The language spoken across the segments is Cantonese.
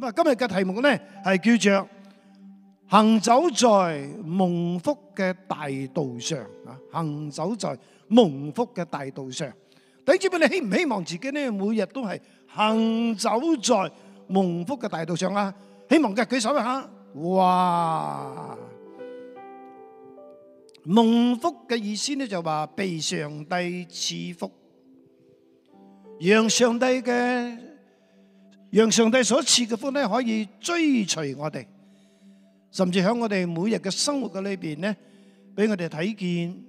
咁啊，今日嘅題目呢係叫做行走在蒙福嘅大道上啊！行走在蒙福嘅大道上，弟兄姊妹，你希唔希望自己呢每日都係行走在蒙福嘅大道上啊？希望嘅舉手一下。哇！蒙福嘅意思呢就話被上帝賜福，讓上帝嘅。讓上帝所賜嘅福咧，可以追隨我哋，甚至喺我哋每日嘅生活嘅裏邊咧，俾我哋睇見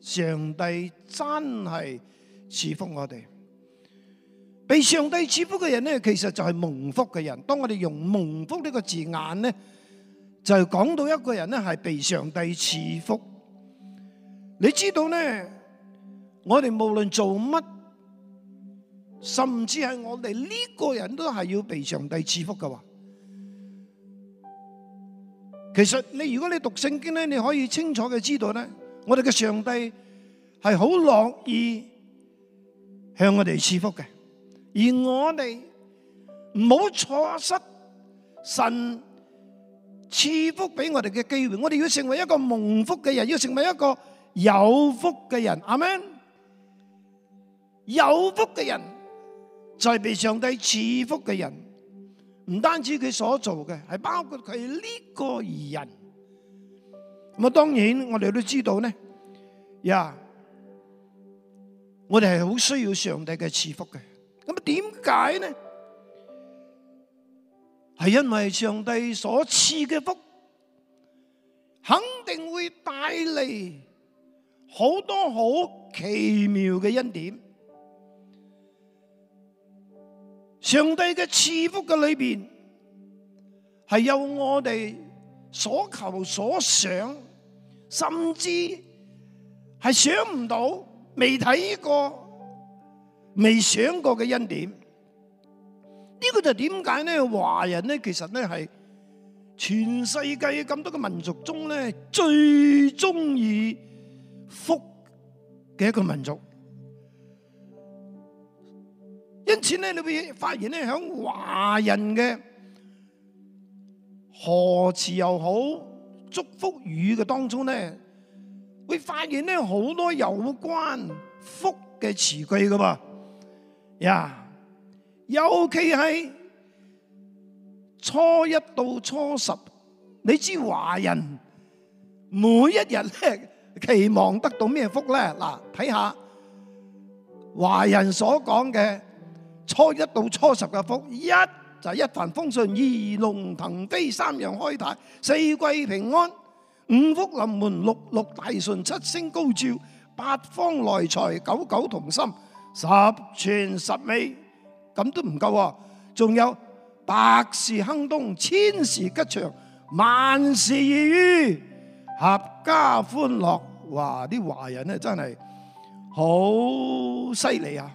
上帝真係賜福我哋。被上帝賜福嘅人咧，其實就係蒙福嘅人。當我哋用蒙福呢個字眼咧，就係講到一個人咧係被上帝賜福。你知道咧，我哋無論做乜。甚至係我哋呢個人都係要被上帝賜福嘅話，其實你如果你讀聖經咧，你可以清楚嘅知道咧，我哋嘅上帝係好樂意向我哋賜福嘅，而我哋唔好錯失神賜福俾我哋嘅機會。我哋要成為一個蒙福嘅人，要成為一個有福嘅人。阿門，有福嘅人。就係被上帝賜福嘅人，唔單止佢所做嘅，係包括佢呢個人。咁啊，當然我哋都知道呢。呀，我哋係好需要上帝嘅賜福嘅。咁啊，點解呢？係因為上帝所賜嘅福，肯定會帶嚟好多好奇妙嘅恩典。上帝嘅賜福嘅裏邊，係有我哋所求所想，甚至係想唔到、未睇過、未想過嘅恩典。呢個就點解咧？華人咧，其實咧係全世界咁多嘅民族中咧最中意福嘅一個民族。因此咧，你會發現咧，喺華人嘅賀詞又好，祝福語嘅當中咧，會發現咧好多有關福嘅詞句噶噃。呀，尤其係初一到初十，你知華人每一日咧期望得到咩福咧？嗱，睇下華人所講嘅。初一到初十嘅福，一就係一帆風順，二龍騰飛，三陽開泰，四季平安，五福臨門，六六大順，七星高照，八方來財，九九同心，十全十美，咁都唔夠啊！仲有百事亨通，千事吉祥，萬事如意，合家歡樂。哇！啲華人咧真係好犀利啊！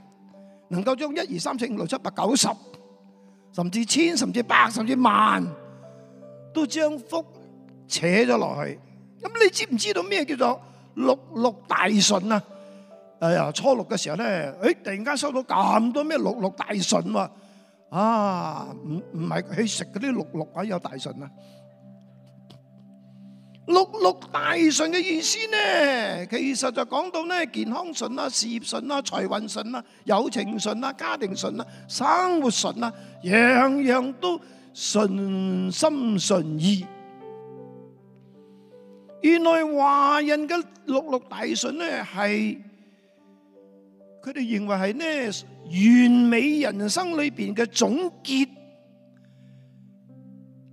能夠將一二三四五六七八九十，甚至千，甚至百，甚至萬，都將福扯咗落去。咁你知唔知道咩叫做六六大順啊？誒呀，初六嘅時候咧，誒突然間收到咁多咩六六大順喎！啊，唔唔係去食嗰啲六六啊有大順啊！六六大順嘅意思呢，其實就講到呢，健康順啦、啊、事業順啦、啊、財運順啦、友情順啦、啊、家庭順啦、啊、生活順啦、啊，樣樣都順心順意。原來華人嘅六六大順呢，係佢哋認為係呢完美人生裏邊嘅總結。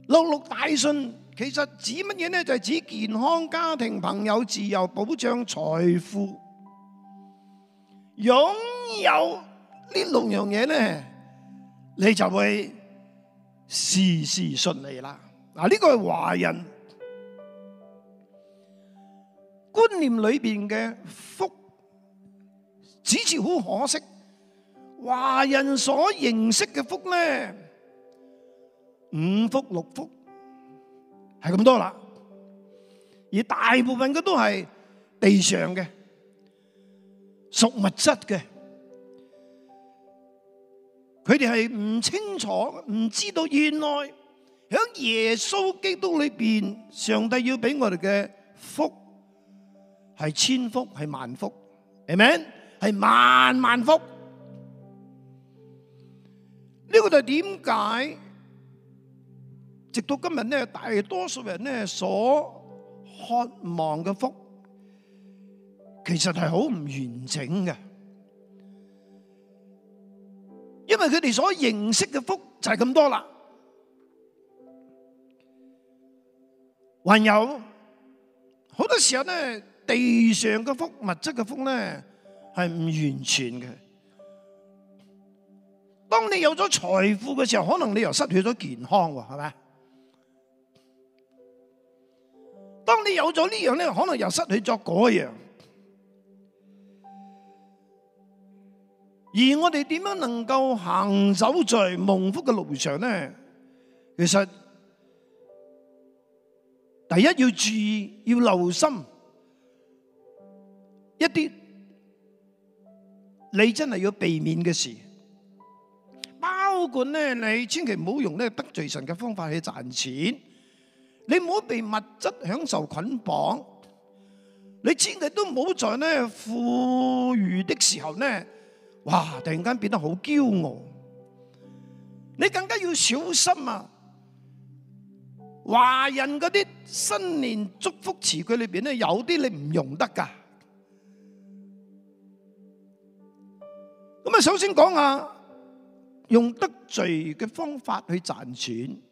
六六大順。其實指乜嘢咧？就係、是、指健康、家庭、朋友、自由、保障、財富、擁有呢六樣嘢咧，你就會事事順利啦。嗱，呢個係華人觀念裏邊嘅福，只是好可惜，華人所認識嘅福咧，五福六福。係咁多啦，而大部分嘅都係地上嘅屬物質嘅，佢哋係唔清楚、唔知道原來喺耶穌基督裏邊，上帝要俾我哋嘅福係千福，係萬福，明唔明？係萬萬福。呢個就係點解？直到今日咧，大多數人咧所渴望嘅福，其實係好唔完整嘅，因為佢哋所認識嘅福就係咁多啦。還有，好多時候咧，地上嘅福，物質嘅福咧，係唔完全嘅。當你有咗財富嘅時候，可能你又失去咗健康，係咪？當你有咗呢樣咧，可能又失去咗嗰樣。而我哋點樣能夠行走在蒙福嘅路上咧？其實第一要注意，要留心一啲你真係要避免嘅事，包括咧你千祈唔好用咧得罪神嘅方法去賺錢。你唔好被物質享受捆綁，你千祈都唔好在呢富裕的時候呢，哇！突然間變得好驕傲，你更加要小心啊！華人嗰啲新年祝福詞句裏邊呢，有啲你唔用得㗎。咁啊，首先講下用得罪嘅方法去賺錢。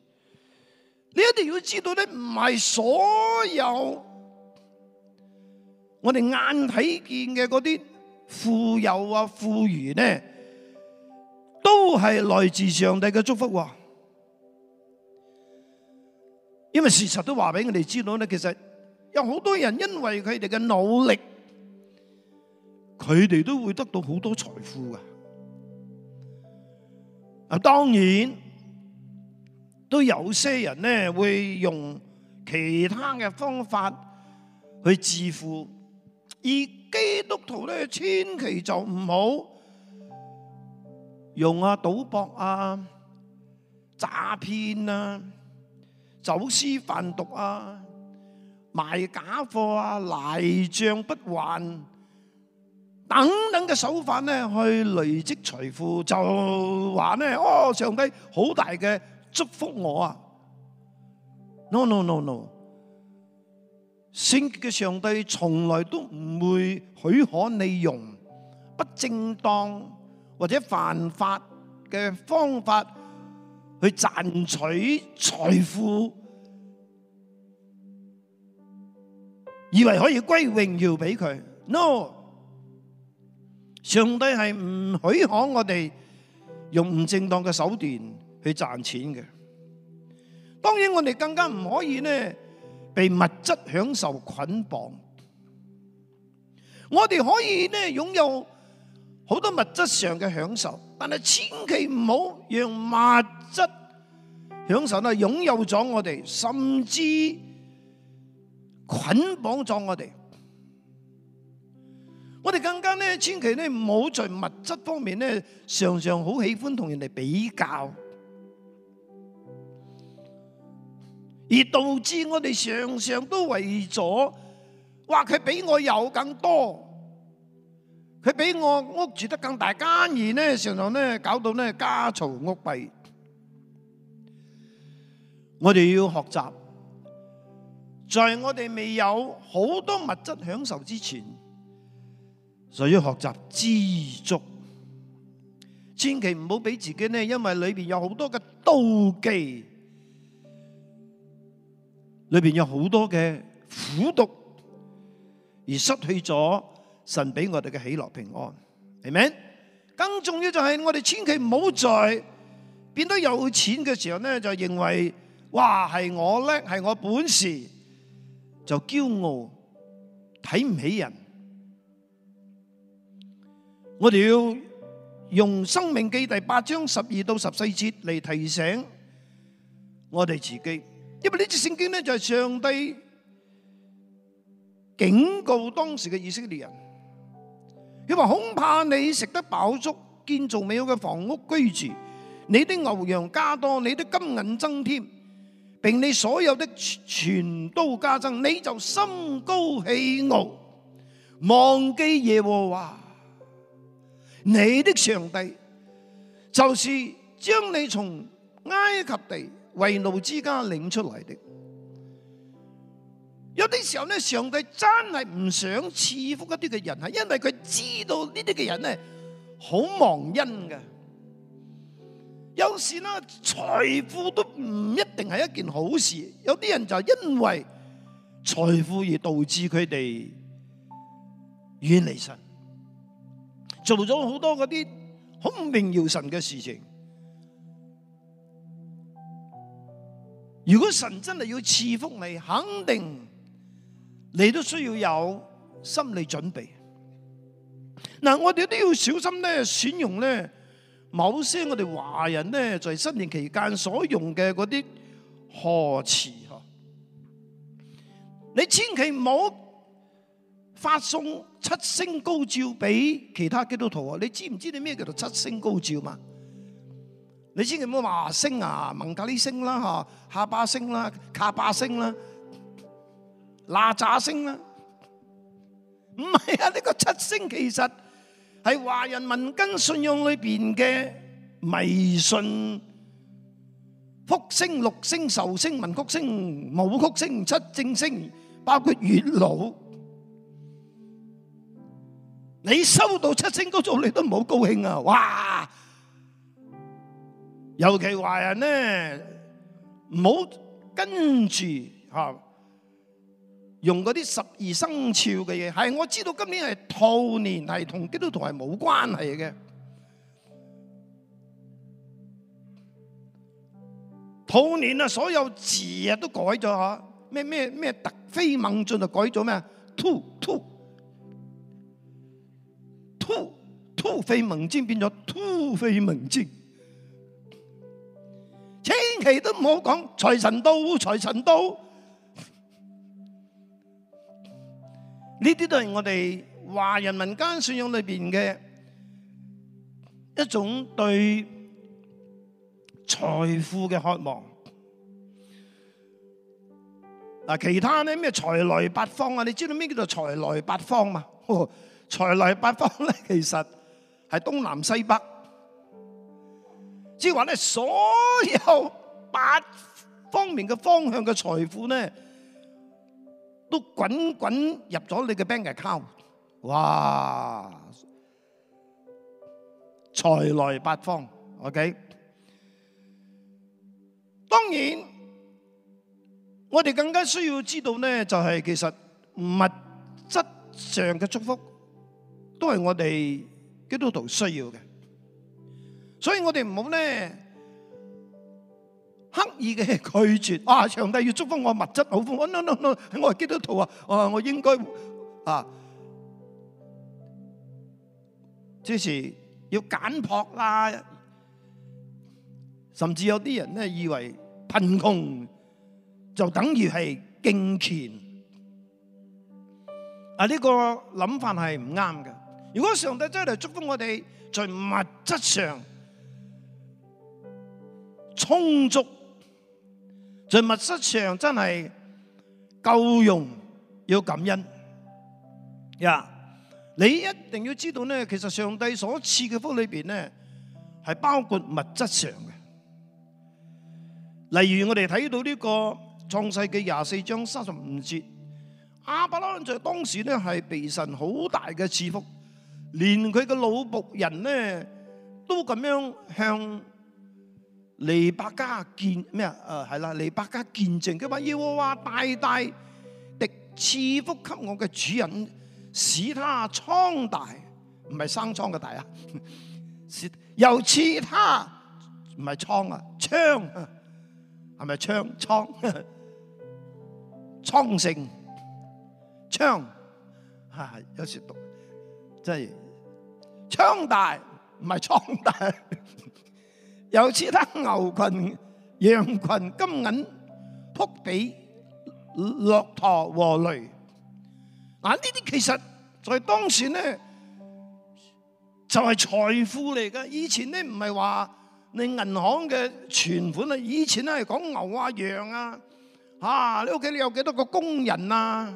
你一定要知道咧，唔係所有我哋眼睇見嘅嗰啲富有啊、富裕咧，都係來自上帝嘅祝福。因為事實都話俾我哋知道咧，其實有好多人因為佢哋嘅努力，佢哋都會得到好多財富噶。啊，當然。都有些人咧，會用其他嘅方法去致富，而基督徒咧，千祈就唔好用啊，賭博啊、詐騙啊、走私販毒啊、賣假貨啊、賴賬不還等等嘅手法咧去累積財富，就話咧哦，上帝好大嘅，祝福我啊！No no no no，聖潔嘅上帝從來都唔會許可你用不正當或者犯法嘅方法去賺取財富，以為可以歸榮耀俾佢。No，上帝係唔許可我哋用唔正當嘅手段。去賺錢嘅，當然我哋更加唔可以呢被物質享受捆綁。我哋可以呢擁有好多物質上嘅享受，但係千祈唔好讓物質享受呢擁有咗我哋，甚至捆綁咗我哋。我哋更加呢，千祈呢唔好在物質方面呢，常常好喜歡同人哋比較。而導致我哋常常都為咗話佢比我有更多，佢比我屋住得更大間而呢，常常呢搞到呢家嘈屋閉。我哋要學習，在我哋未有好多物質享受之前，就要學習知足，千祈唔好俾自己呢，因為裏邊有好多嘅妒忌。裏邊有好多嘅苦毒，而失去咗神俾我哋嘅喜樂平安，係咪？更重要就係我哋千祈唔好在變得有錢嘅時候咧，就認為哇係我叻係我本事，就驕傲睇唔起人。我哋要用《生命記》第八章十二到十四節嚟提醒我哋自己。因為呢節聖經咧就係上帝警告當時嘅以色列人，佢話，恐怕你食得飽足，建造美好嘅房屋居住，你的牛羊加多，你的金銀增添，並你所有的全都加增，你就心高氣傲，忘記耶和華你的上帝，就是將你從埃及地。為奴之家領出來的，有啲時候咧，上帝真係唔想賜福一啲嘅人，係因為佢知道呢啲嘅人咧好忘恩嘅。有時咧，財富都唔一定係一件好事，有啲人就因為財富而導致佢哋遠離神，做咗好多嗰啲好唔榮耀神嘅事情。如果神真係要賜福你，肯定你都需要有心理準備。嗱，我哋都要小心咧，選用咧某些我哋華人咧在新年期間所用嘅嗰啲賀詞啊。你千祈唔好發送七星高照俾其他基督徒啊！你知唔知道你咩叫做七星高照嘛？你知唔知話星啊，蒙格啲星啦，吓下巴星啦，卡巴星啦，嗱喳星啦，唔係啊！呢個七星其實係華人民間信仰裏邊嘅迷信，福星、祿星、壽星、文曲星、武曲星、七正星，包括月老。你收到七星嗰種，你都唔好高興啊！哇！尤其華人咧，唔好跟住吓、啊，用嗰啲十二生肖嘅嘢。係我知道今年係兔年，係同基督徒係冇關係嘅。兔年啊，所有字啊都改咗吓，咩咩咩突飛猛進就改咗咩，兔兔兔兔飛猛進變咗兔飛猛進。其都唔好講財神到，財神到，呢啲都係我哋華人民間信仰裏邊嘅一種對財富嘅渴望。嗱，其他咧咩財來八方啊？你知道咩叫做財來八方嘛？哦、財來八方咧，其實係東南西北，即係話咧所有。八方面嘅方向嘅財富呢，都滾滾入咗你嘅 bank account，哇！財來八方，OK。當然，我哋更加需要知道呢，就係其實物質上嘅祝福，都係我哋基督徒需要嘅，所以我哋唔好呢。刻意嘅拒絕，啊！上帝要祝福我物質好豐富，no no no，我係基督徒啊，我我應該啊，即時要簡樸啦，甚至有啲人咧以為貧窮就等於係敬虔，啊呢個諗法係唔啱嘅。如果上帝真係嚟祝福我哋，在物質上充足。在物質上真係夠用，要感恩呀！你一定要知道呢，其實上帝所賜嘅福裏邊呢，係包括物質上嘅。例如我哋睇到呢個創世記廿四章三十五節，亞伯拉罕在當時呢係被神好大嘅賜福，連佢嘅老僕人呢都咁樣向。尼伯家見咩啊？誒，係、嗯、啦、嗯，尼伯家見證佢話要我話，大大地賜福給我嘅主人，使他倉大，唔係生瘡嘅大啊。又似他唔係倉啊，槍係咪槍倉？倉盛槍啊，有時讀即係槍大，唔係倉大。啊有其他牛群、羊群、金銀、僕地、駱駝和驢。但呢啲其實在當時咧就係財富嚟嘅。以前咧唔係話你銀行嘅存款啦，以前咧係講牛啊、羊啊，啊，嚇你屋企你有幾多個工人啊？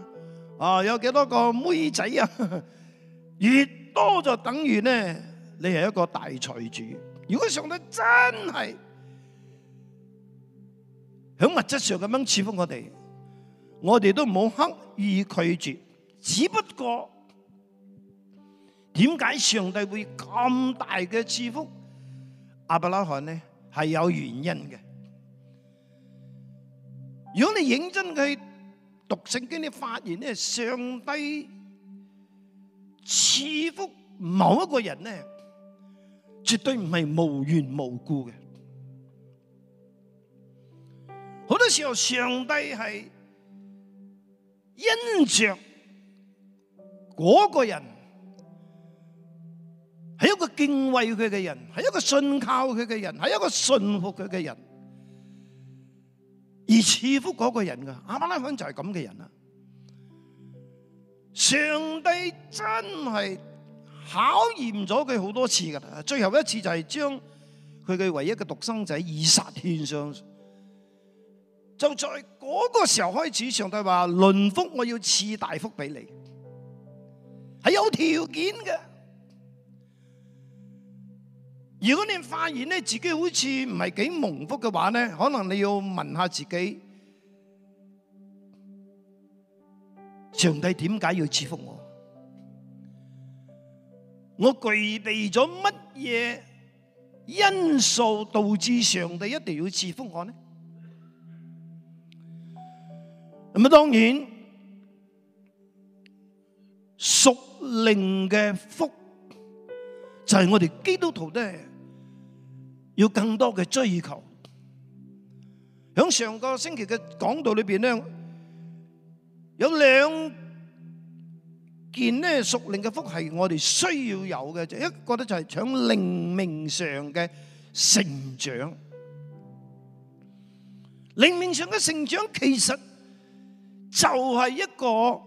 啊，有幾多個妹仔啊？越多就等於咧你係一個大財主。如果上帝真係喺物質上咁樣賜福我哋，我哋都冇刻意拒絕。只不過點解上帝會咁大嘅賜福？阿伯拉罕呢係有原因嘅。如果你認真去讀聖經，你發現呢，上帝賜福某一個人呢。絕對唔係無緣無故嘅，好多時候上帝係因着嗰個人係一個敬畏佢嘅人，係一個信靠佢嘅人，係一個信服佢嘅人，而賜福嗰個人噶，阿媽拉香就係咁嘅人啦。上帝真係。考驗咗佢好多次噶，最後一次就係將佢嘅唯一嘅獨生仔以撒獻上，就在嗰個時候開始，上帝話：輪福我要賜大福俾你，係有條件嘅。如果你發現咧自己好似唔係幾蒙福嘅話咧，可能你要問下自己，上帝點解要賜福我？我具備咗乜嘢因素導致上帝一定要賜福我呢？咁啊，當然屬靈嘅福就係我哋基督徒都係要更多嘅追求。響上個星期嘅講道裏邊咧，有兩。見咧，屬靈嘅福係我哋需要有嘅，就一個咧就係想靈命上嘅成長。靈命上嘅成長其實就係一個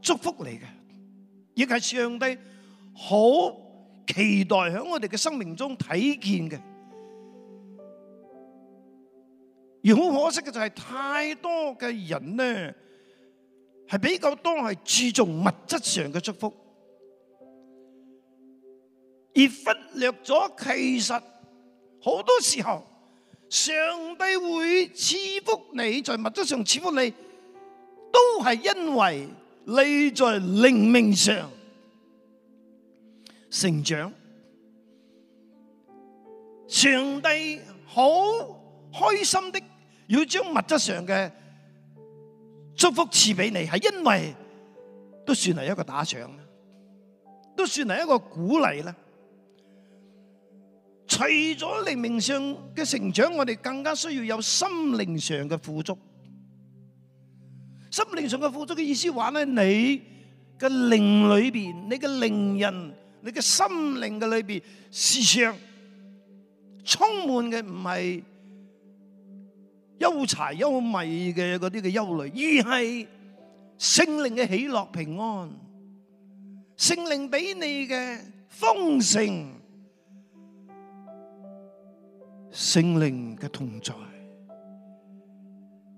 祝福嚟嘅，亦係上帝好期待喺我哋嘅生命中睇見嘅。而好可惜嘅就係太多嘅人咧。係比較多係注重物質上嘅祝福，而忽略咗其實好多時候，上帝會賜福你，在物質上賜福你，都係因為你在靈命上成長。上帝好開心的要將物質上嘅。祝福賜俾你，係因為都算係一個打賞，都算係一個鼓勵啦。除咗靈命上嘅成長，我哋更加需要有心靈上嘅富足。心靈上嘅富足嘅意思話咧，你嘅靈裏邊、你嘅靈人、你嘅心靈嘅裏邊，時常充滿嘅唔係。憂柴憂米嘅嗰啲嘅憂慮，而係聖靈嘅喜樂平安，聖靈俾你嘅豐盛，聖靈嘅同在，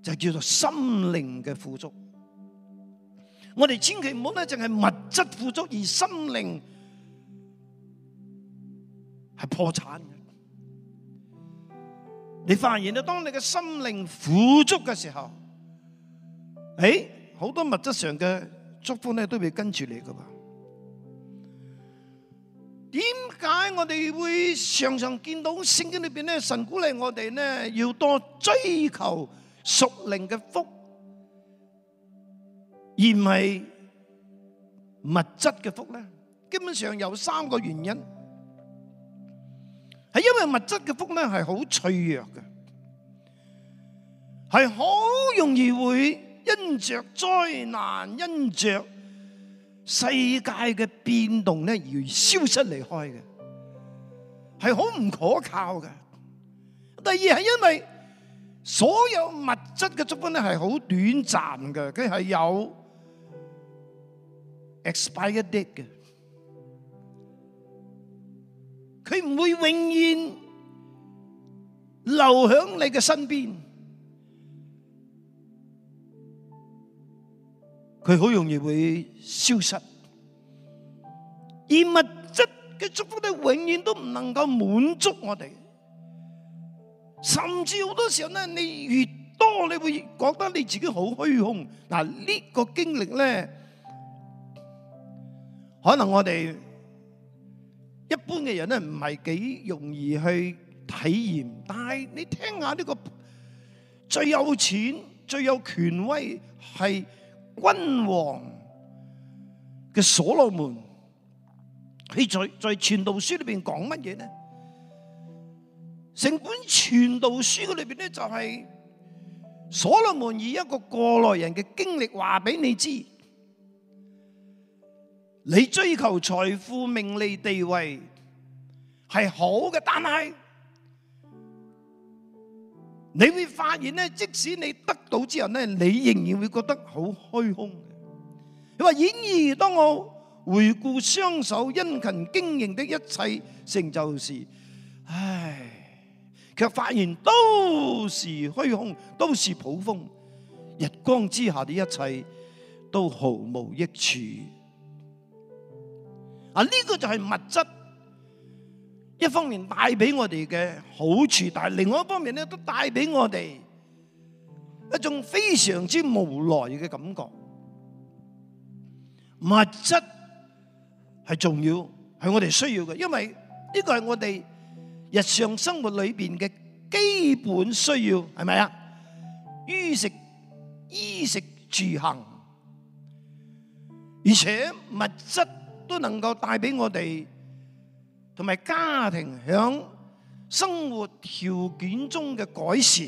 就叫做心靈嘅富足。我哋千祈唔好咧，淨係物質富足，而心靈係破產。你發現到，當你嘅心靈富足嘅時候，誒，好多物質上嘅祝福咧都會跟住你噶嘛？點解我哋會常常見到聖經裏邊咧，神鼓勵我哋咧要多追求屬靈嘅福，而唔係物質嘅福咧？基本上有三個原因。係因為物質嘅福呢係好脆弱嘅，係好容易會因着災難、因着世界嘅變動呢而消失離開嘅，係好唔可靠嘅。第二，係因為所有物質嘅祝福呢係好短暫嘅，佢係有 expire date 嘅。佢唔會永遠留喺你嘅身邊，佢好容易會消失，而物質嘅祝福咧永遠都唔能夠滿足我哋，甚至好多時候咧，你越多你會覺得你自己好虛空。嗱，呢個經歷咧，可能我哋。一般嘅人咧，唔係幾容易去體驗，但係你聽下呢個最有錢、最有權威係君王嘅所羅門，佢在在傳道書裏邊講乜嘢呢？成本傳道書裏邊咧就係所羅門以一個過來人嘅經歷話俾你知。你追求財富、名利、地位係好嘅，但係你會發現咧，即使你得到之後咧，你仍然會覺得好虛空嘅。你話：然而，當我回顧雙手辛勤經營的一切成就時，唉，卻發現都是虛空，都是捕風，日光之下的一切都毫無益處。啊！呢個就係物質，一方面帶俾我哋嘅好處，但係另外一方面咧，都帶俾我哋一種非常之無奈嘅感覺。物質係重要，係我哋需要嘅，因為呢個係我哋日常生活裏邊嘅基本需要，係咪啊？衣食衣食住行，而且物質。都能夠帶俾我哋同埋家庭響生活條件中嘅改善。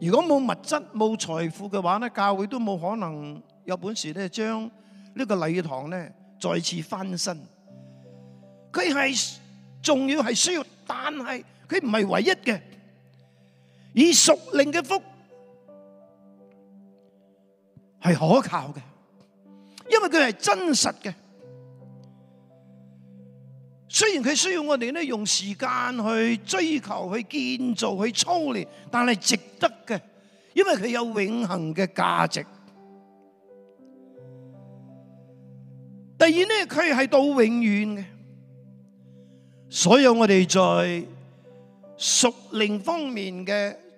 如果冇物質冇財富嘅話呢，教會都冇可能有本事咧將呢個禮堂咧再次翻身。佢係重要係需要，但係佢唔係唯一嘅。以屬靈嘅福。係可靠嘅，因為佢係真實嘅。雖然佢需要我哋咧用時間去追求、去建造、去操練，但係值得嘅，因為佢有永恒嘅價值。第二咧，佢係到永遠嘅。所以我哋在屬靈方面嘅。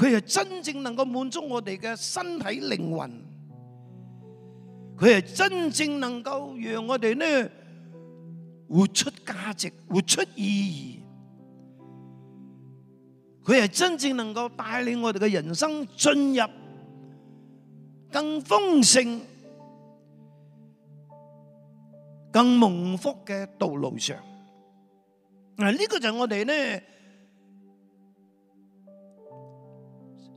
佢係真正能夠滿足我哋嘅身體靈魂，佢係真正能夠讓我哋呢活出價值，活出意義，佢係真正能夠帶領我哋嘅人生進入更豐盛、更蒙福嘅道路上。嗱，呢個就係我哋呢。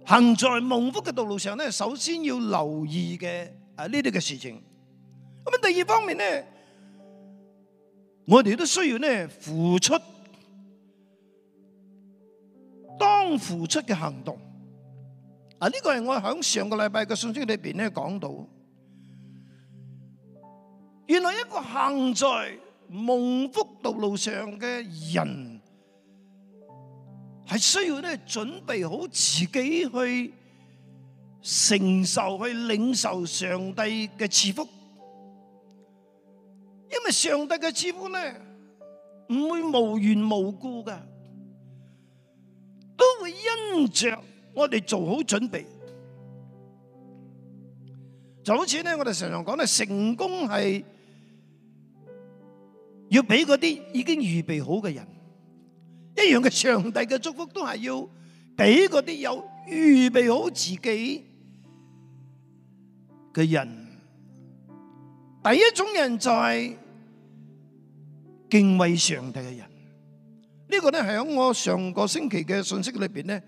行在蒙福嘅道路上咧，首先要留意嘅啊呢啲嘅事情。咁啊，第二方面咧，我哋都需要咧付出，當付出嘅行動。啊，呢個係我響上個禮拜嘅信息裏邊咧講到，原來一個行在蒙福道路上嘅人。係需要咧，準備好自己去承受、去領受上帝嘅賜福，因為上帝嘅賜福咧，唔會無緣無故噶，都會因着我哋做好準備。就好似咧，我哋常常講咧，成功係要俾嗰啲已經預備好嘅人。一樣嘅上帝嘅祝福都係要俾嗰啲有預備好自己嘅人。第一種人就係敬畏上帝嘅人。這個、呢個咧響我上個星期嘅信息裏邊咧，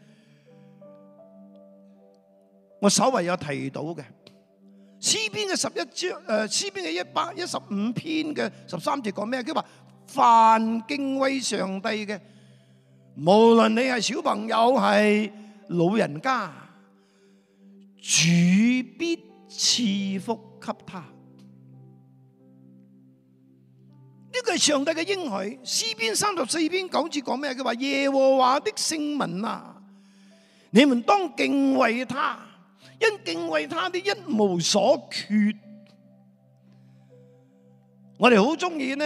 我稍為有提到嘅。詩篇嘅十一章誒，詩篇嘅一百一十五篇嘅十三節講咩？佢話凡敬畏上帝嘅。無論你係小朋友，係老人家，主必賜福給他。呢、這個係上帝嘅應許。詩篇三十四篇講住講咩？佢話耶和華的聖民啊，你們當敬畏他，因敬畏他的一無所缺。我哋好中意呢。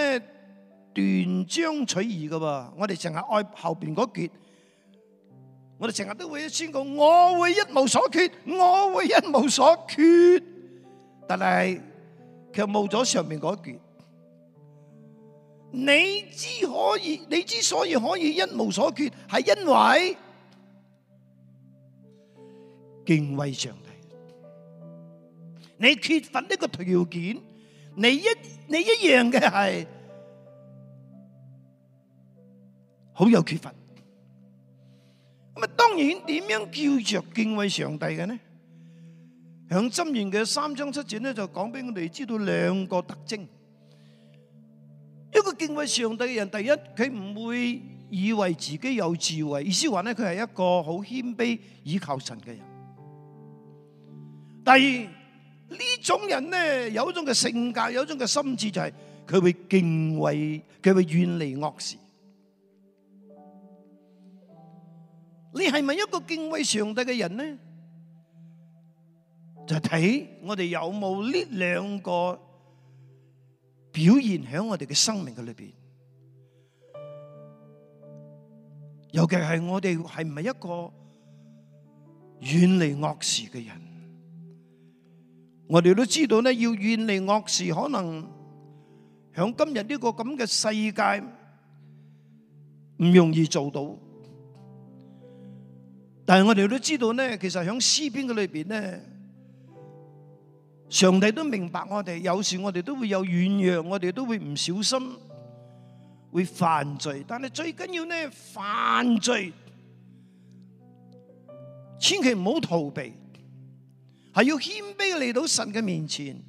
斷章取義嘅喎，我哋成日愛後邊嗰句，我哋成日都會一宣告，我會一無所缺，我會一無所缺，但係卻冇咗上面嗰句。你之可以，你之所以可以一無所缺，係因為敬畏上帝。你缺乏呢個條件，你一你一樣嘅係。好有缺乏。咁啊，當然點樣叫着敬畏上帝嘅呢？響《箴言》嘅三章七節呢，就講俾我哋知道兩個特徵。一個敬畏上帝嘅人，第一，佢唔會以為自己有智慧，意思話呢，佢係一個好謙卑依靠神嘅人。第二呢種人呢，有一種嘅性格，有一種嘅心智，就係佢會敬畏，佢會遠離惡事。你係咪一個敬畏上帝嘅人呢？就睇我哋有冇呢兩個表現喺我哋嘅生命嘅裏邊，尤其係我哋係唔係一個遠離惡事嘅人？我哋都知道呢，要遠離惡事，可能喺今日呢個咁嘅世界唔容易做到。但係我哋都知道咧，其實喺《詩篇》嘅裏邊咧，上帝都明白我哋，有時我哋都會有軟弱，我哋都會唔小心會犯罪。但係最緊要咧，犯罪千祈唔好逃避，係要謙卑嚟到神嘅面前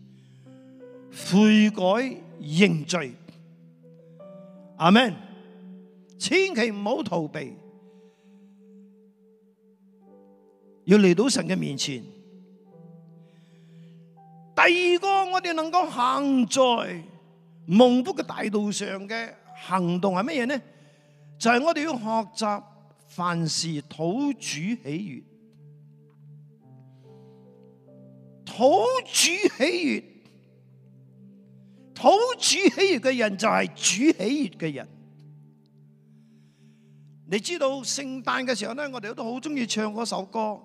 悔改認罪。阿門！千祈唔好逃避。要嚟到神嘅面前。第二個我哋能夠行在蒙福嘅大道上嘅行動係乜嘢呢？就係、是、我哋要學習凡事討主喜悦。討主喜悦、討主喜悦嘅人就係主喜悦嘅人。你知道聖誕嘅時候呢，我哋都好中意唱嗰首歌。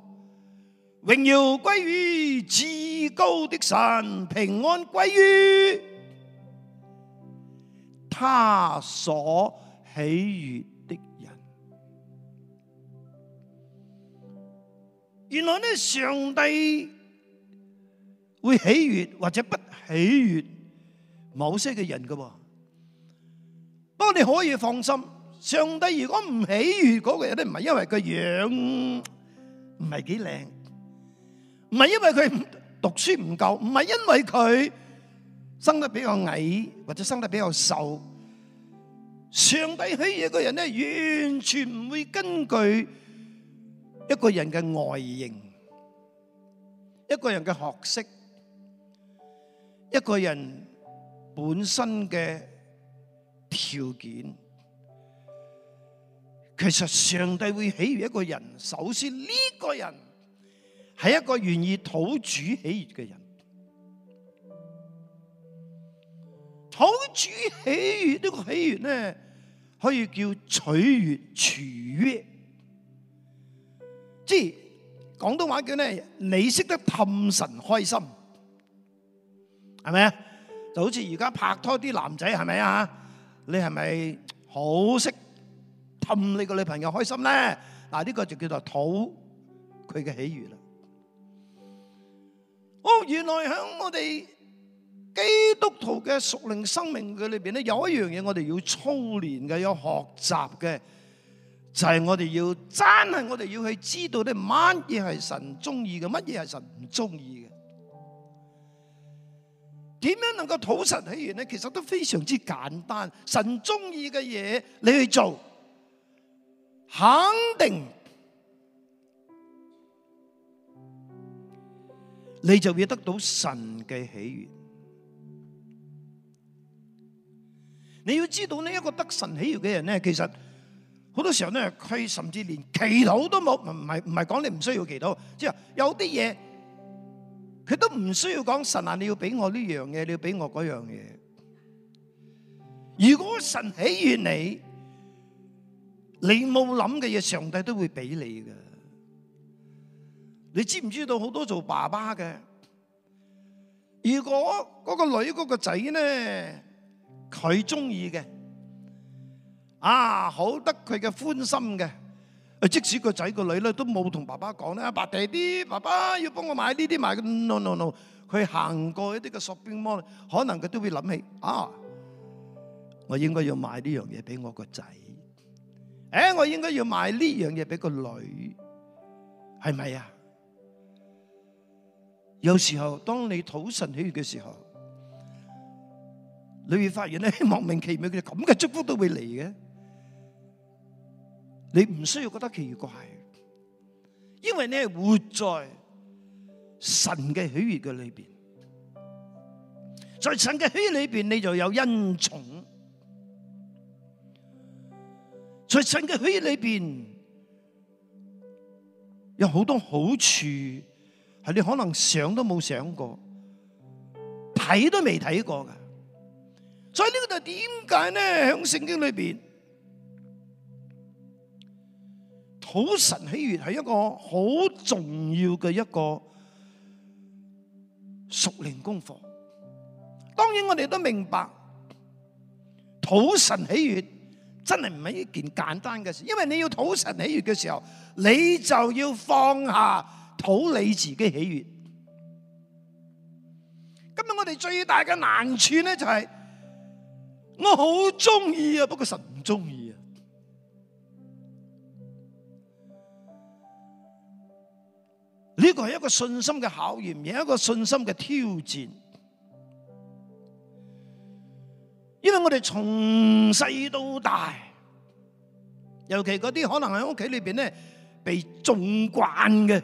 榮耀歸於至高的神，平安歸於他所喜悦的人。原來呢，上帝會喜悦或者不喜悦某些嘅人㗎。不過你可以放心，上帝如果唔喜悦嗰個人，都唔係因為個樣唔係幾靚，唔係因為佢讀書唔夠，唔係因為佢生得比較矮或者生得比較瘦，上帝喜悅一個人咧，完全唔會根據一個人嘅外形、一個人嘅學識、一個人本身嘅條件。其實上帝會喜悅一個人，首先呢個人。係一個願意討主喜悦嘅人，討主喜悦呢個喜悦咧，可以叫取悦、取悦，即係廣東話叫咧，你識得氹神開心，係咪啊？就好似而家拍拖啲男仔，係咪啊？你係咪好識氹你個女朋友開心咧？嗱，呢個就叫做討佢嘅喜悦啦。哦，原來喺我哋基督徒嘅屬靈生命嘅裏邊咧，有一樣嘢我哋要操練嘅，要學習嘅，就係、是、我哋要真係我哋要去知道咧，乜嘢係神中意嘅，乜嘢係神唔中意嘅。點樣能夠討神喜悅咧？其實都非常之簡單，神中意嘅嘢你去做，肯定。你就會得到神嘅喜悅。你要知道呢一個得神喜悅嘅人呢，其實好多時候呢，佢甚至連祈禱都冇。唔係，唔係講你唔需要祈禱，即係有啲嘢佢都唔需要講神啊！你要俾我呢樣嘢，你要俾我嗰樣嘢。如果神喜悅你，你冇諗嘅嘢，上帝都會俾你嘅。你知唔知道好多做爸爸嘅，如果嗰個女，嗰個仔咧，佢中意嘅、啊，好得佢嘅歡心嘅，即使個仔個女咧都冇同爸爸講咧，阿爸弟弟，爸爸要幫我買呢啲買，no no no，佢行過一啲嘅 shopping mall，可能佢都會諗起啊，我應該要買呢樣嘢俾我個仔，誒我應該要買呢樣嘢俾個女，係咪啊？有時候，當你討神喜悅嘅時候，你會發現咧，莫名其妙嘅咁嘅祝福都會嚟嘅。你唔需要覺得奇怪，因為你係活在神嘅喜悅嘅裏邊，在神嘅喜悅裏邊你就有恩寵，在神嘅喜悅裏邊有好多好處。係你可能想都冇想過，睇都未睇過嘅，所以呢個就點解呢？喺《聖經》裏邊，討神喜悦係一個好重要嘅一個屬靈功課。當然我哋都明白，討神喜悦真係唔係一件簡單嘅事，因為你要討神喜悦嘅時候，你就要放下。討你自己喜悅。今日我哋最大嘅難處咧，就係我好中意啊，不過神唔中意啊。呢個係一個信心嘅考驗，而一個信心嘅挑戰。因為我哋從細到大，尤其嗰啲可能喺屋企裏邊咧被縱慣嘅。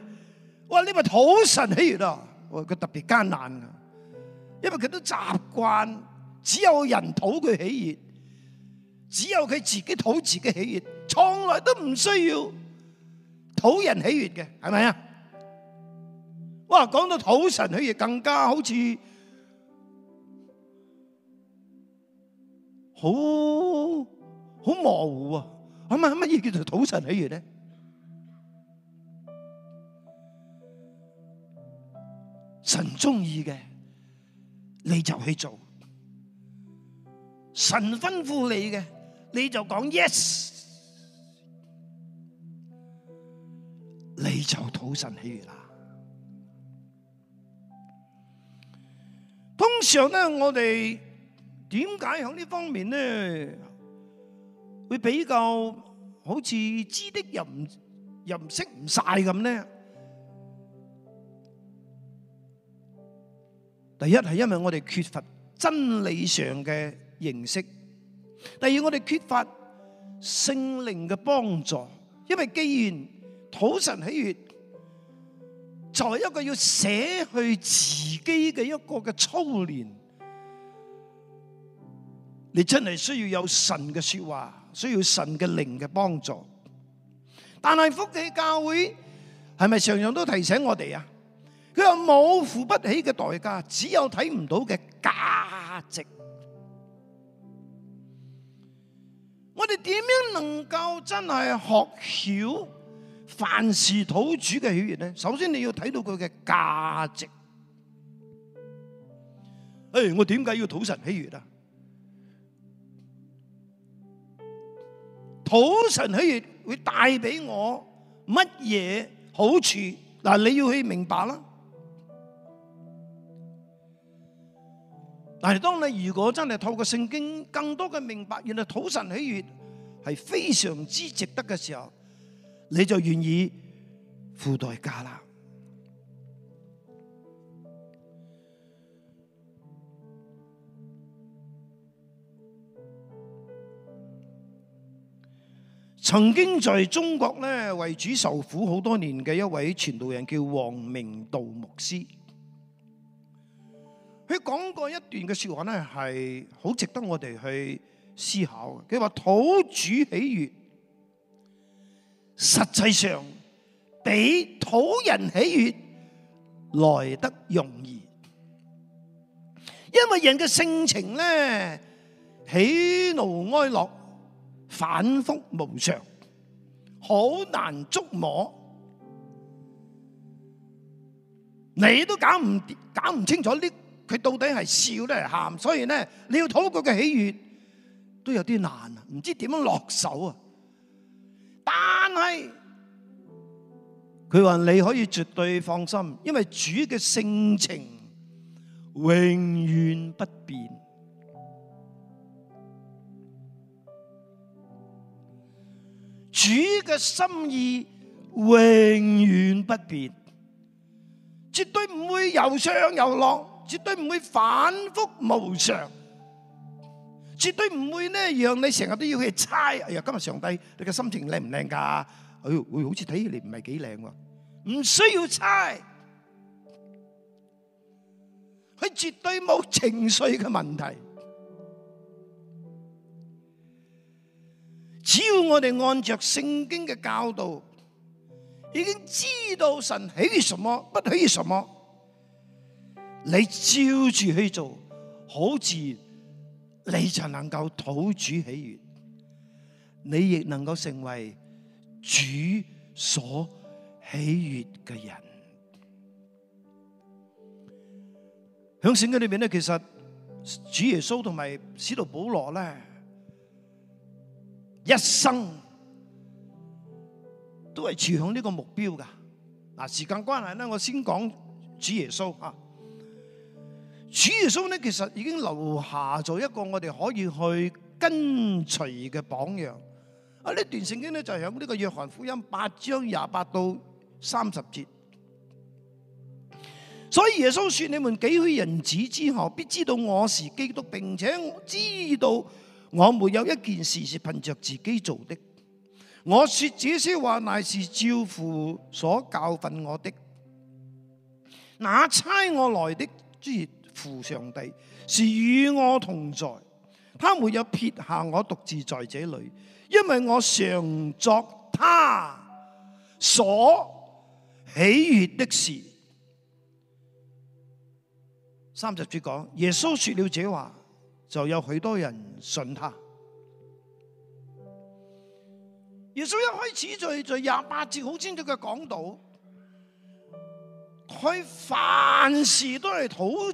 哇！呢個討神喜悦啊！佢特別艱難啊，因為佢都習慣只有人討佢喜悦，只有佢自己討自己喜悦，從來都唔需要討人喜悦嘅，係咪啊？哇！講到討神喜悦更加好似好好模糊啊！咁啊乜嘢叫做討神喜悦咧？神中意嘅，你就去做；神吩咐你嘅，你就講 yes，你就討神喜悅啦。通常咧，我哋點解喺呢方面咧，會比較好似知的又唔又唔識唔晒咁咧？第一係因為我哋缺乏真理上嘅認識，第二我哋缺乏聖靈嘅幫助。因為既然土神喜悅，作為一個要捨去自己嘅一個嘅操練，你真係需要有神嘅說話，需要神嘅靈嘅幫助。但係福氣教會係咪常常都提醒我哋啊？佢又冇付不起嘅代價，只有睇唔到嘅價值。我哋點樣能夠真係學曉凡事討主嘅喜悦呢？首先你要睇到佢嘅價值。誒、哎，我點解要討神喜悦啊？討神喜悦會帶俾我乜嘢好處？嗱，你要去明白啦。但係，當你如果真係透過聖經更多嘅明白，原來討神喜悅係非常之值得嘅時候，你就願意付代價啦。曾經在中國咧為主受苦好多年嘅一位傳道人叫王明道牧師。佢講過一段嘅說話咧，係好值得我哋去思考嘅。佢話土主喜悦，實際上比土人喜悦來得容易，因為人嘅性情咧，喜怒哀樂反覆無常，好難捉摸，你都搞唔搞唔清楚呢？佢到底係笑定係喊？所以呢，你要討佢嘅喜悅，都有啲難啊！唔知點樣落手啊！但係佢話你可以絕對放心，因為主嘅性情永遠不變，主嘅心意永遠不變，絕對唔會又上又落。絕對唔會反復無常，絕對唔會呢，讓你成日都要去猜。哎呀，今日上帝你嘅心情靚唔靚噶？哎喲，好似睇起嚟唔係幾靚喎。唔需要猜，佢絕對冇情緒嘅問題。只要我哋按着聖經嘅教導，已經知道神喜歡什麼，不喜歡什麼。你照住去做，好似你就能夠討主喜悅，你亦能夠成為主所喜悅嘅人。喺聖經裏面咧，其實主耶穌同埋使徒保羅咧，一生都係朝向呢個目標噶。嗱，時間關係咧，我先講主耶穌啊。主耶穌呢，其實已經留下咗一個我哋可以去跟隨嘅榜樣。啊，呢段聖經呢就喺呢個約翰福音八章廿八到三十節。所以耶穌說：你們幾許人子之後，必知道我是基督，並且知道我沒有一件事是憑着自己做的。我說這些話乃是照父所教訓我的。那差我來的主，父上帝是與我同在，他沒有撇下我獨自在這裏，因為我常作他所喜悦的事。三十節講，耶穌說了這話,就有許多人信他。耶穌一開始就在廿八節好清楚嘅講到，佢凡事都係討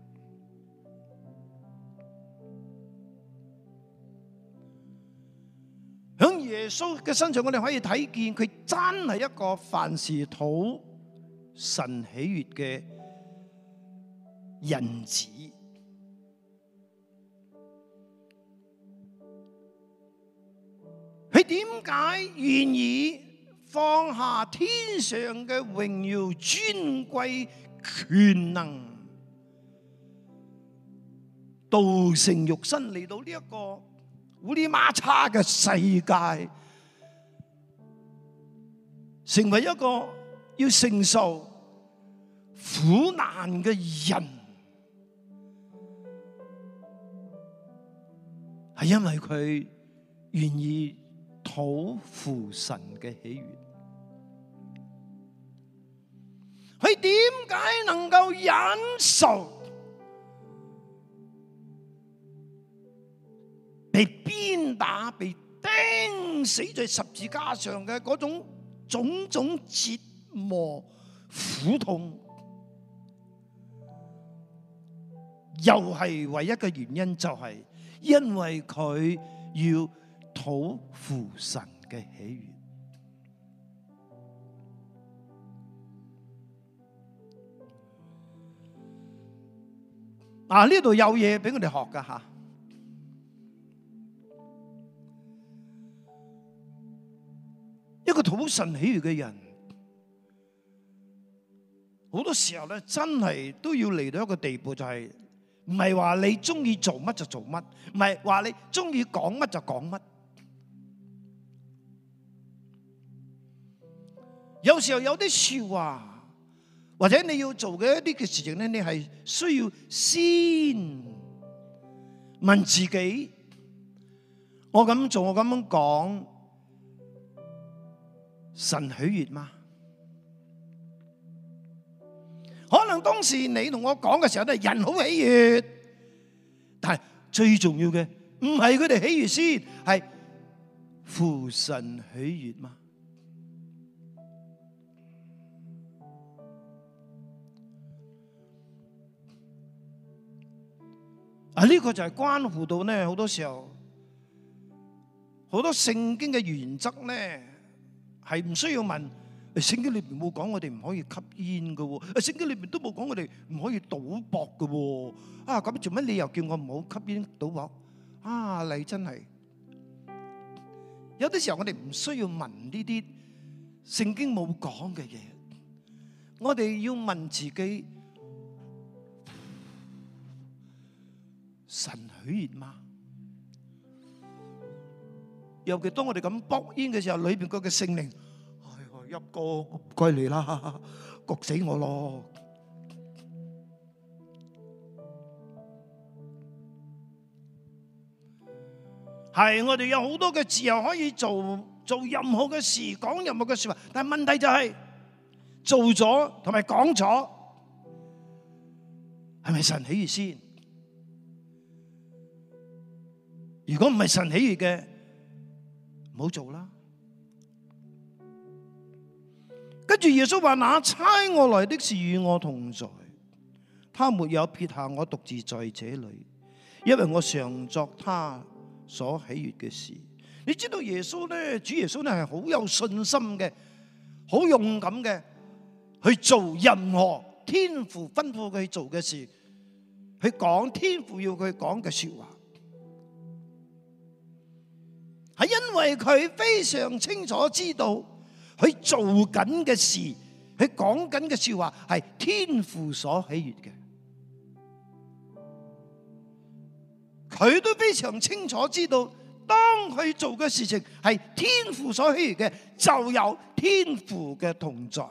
耶穌嘅身上，我哋可以睇見佢真係一個凡事討神喜悅嘅人子。佢點解願意放下天上嘅榮耀尊貴權能，道成肉身嚟到呢一個？烏哩媽叉嘅世界，成為一個要承受苦難嘅人，係因為佢願意討父神嘅喜悅。佢點解能夠忍受？被鞭打、被釘死在十字架上嘅嗰種種種折磨苦痛，又係唯一嘅原因，就係因為佢要討父神嘅喜悅。嗱、啊，呢度有嘢俾我哋學噶吓。一個討神喜悅嘅人，好多時候咧，真係都要嚟到一個地步，就係唔係話你中意做乜就做乜，唔係話你中意講乜就講乜。有時候有啲說話，或者你要做嘅一啲嘅事情咧，你係需要先問自己：我咁做，我咁樣講。神喜悅嘛。可能當時你同我講嘅時候，都係人好喜悅。但係最重要嘅唔係佢哋喜悅先，係父神喜悅嘛。啊，呢個就係關乎到呢，好多時候，好多聖經嘅原則呢。係唔需要問，聖經裏面冇講我哋唔可以吸煙㗎喎，聖經裏面都冇講我哋唔可以賭博㗎喎。啊，咁做乜理由叫我唔好吸煙賭博？啊，你真係有啲時候我哋唔需要問呢啲聖經冇講嘅嘢，我哋要問自己神許唔許？尤其當我哋咁卜煙嘅時候，裏邊嗰個聖靈，哎呀，一哥唔歸你啦，焗死我咯！係我哋有好多嘅自由可以做做任何嘅事，講任何嘅說話，但係問題就係做咗同埋講咗，係咪神喜悅先？如果唔係神喜悅嘅？唔好做啦！跟住耶穌話：那差我來的是與我同在，他沒有撇下我獨自在這裡，因為我常作他所喜悅嘅事。你知道耶穌咧，主耶穌咧係好有信心嘅，好勇敢嘅，去做任何天父吩咐佢做嘅事，去講天父要佢講嘅說話。係因為佢非常清楚知道佢做緊嘅事，佢講緊嘅說話係天父所喜悦嘅。佢都非常清楚知道，當佢做嘅事情係天父所喜悦嘅，就有天父嘅同在。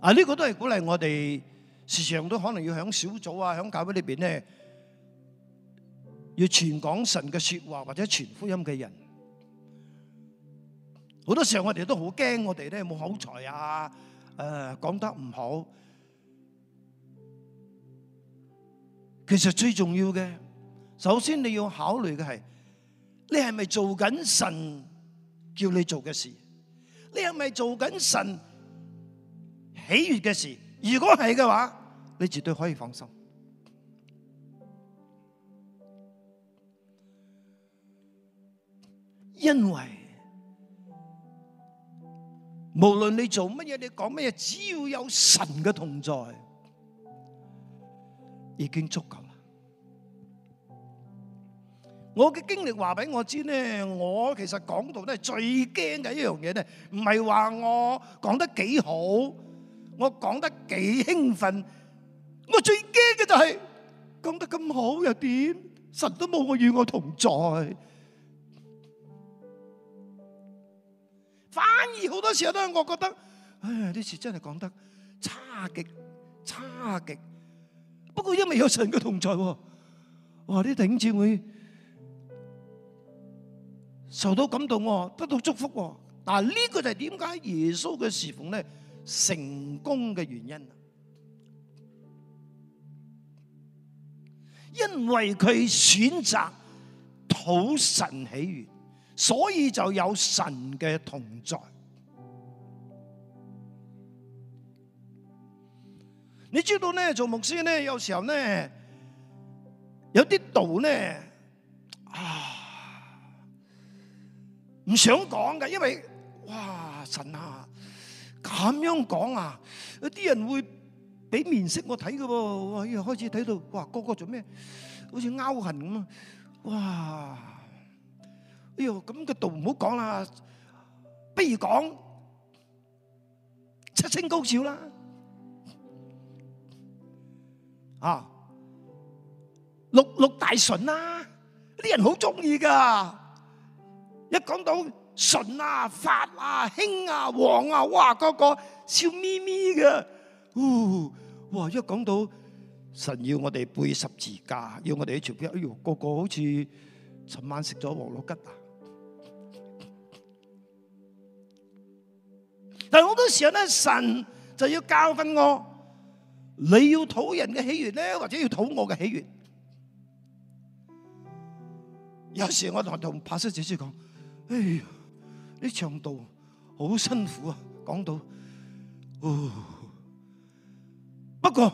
啊！呢個都係鼓勵我哋，時常都可能要喺小組啊，喺教會裏邊咧，要傳講神嘅說話或者傳福音嘅人。好多時候我哋都好驚，我哋咧冇口才啊，誒，講得唔好。其實最重要嘅，首先你要考慮嘅係，你係咪做緊神叫你做嘅事？你係咪做緊神？喜悅嘅事，如果係嘅話，你絕對可以放心，因為無論你做乜嘢，你講乜嘢，只要有神嘅同在，已經足夠啦。我嘅經歷話俾我知咧，我其實講到都係最驚嘅一樣嘢咧，唔係話我講得幾好。我講得幾興奮，我最驚嘅就係、是、講得咁好又點？神都冇我與我同在，反而好多時候都係我覺得，唉、哎，呢次真係講得差極差極。不過因為有神嘅同在，哇！啲頂住會受到感動，得到祝福。但係，呢個就係點解耶穌嘅侍奉咧？成功嘅原因，因為佢選擇討神喜悅，所以就有神嘅同在。你知道呢，做牧師呢，有時候呢，有啲道呢，啊，唔想講㗎，因為哇，神啊！咁樣講啊！一啲人會俾面色我睇嘅喎，哇！開始睇到，哇！個個做咩？好似勾痕咁啊！哇！哎呦，咁、那、嘅、個、道唔好講啦，不如講七星高照啦、啊，嚇、啊！六六大順啦、啊，啲人好中意噶，一講到。神啊、法啊、興啊、王啊，哇！個個笑眯眯嘅，嗚、哦、哇！一講到神要我哋背十字架，要我哋去傳福音，哎呦，個個好似尋晚食咗王老吉啊！但係好多時候咧，神就要教訓我，你要討人嘅喜悅咧，或者要討我嘅喜悅。有時我同同柏叔姐姐講，哎呀～呢長度好辛苦啊，講到，哦，不過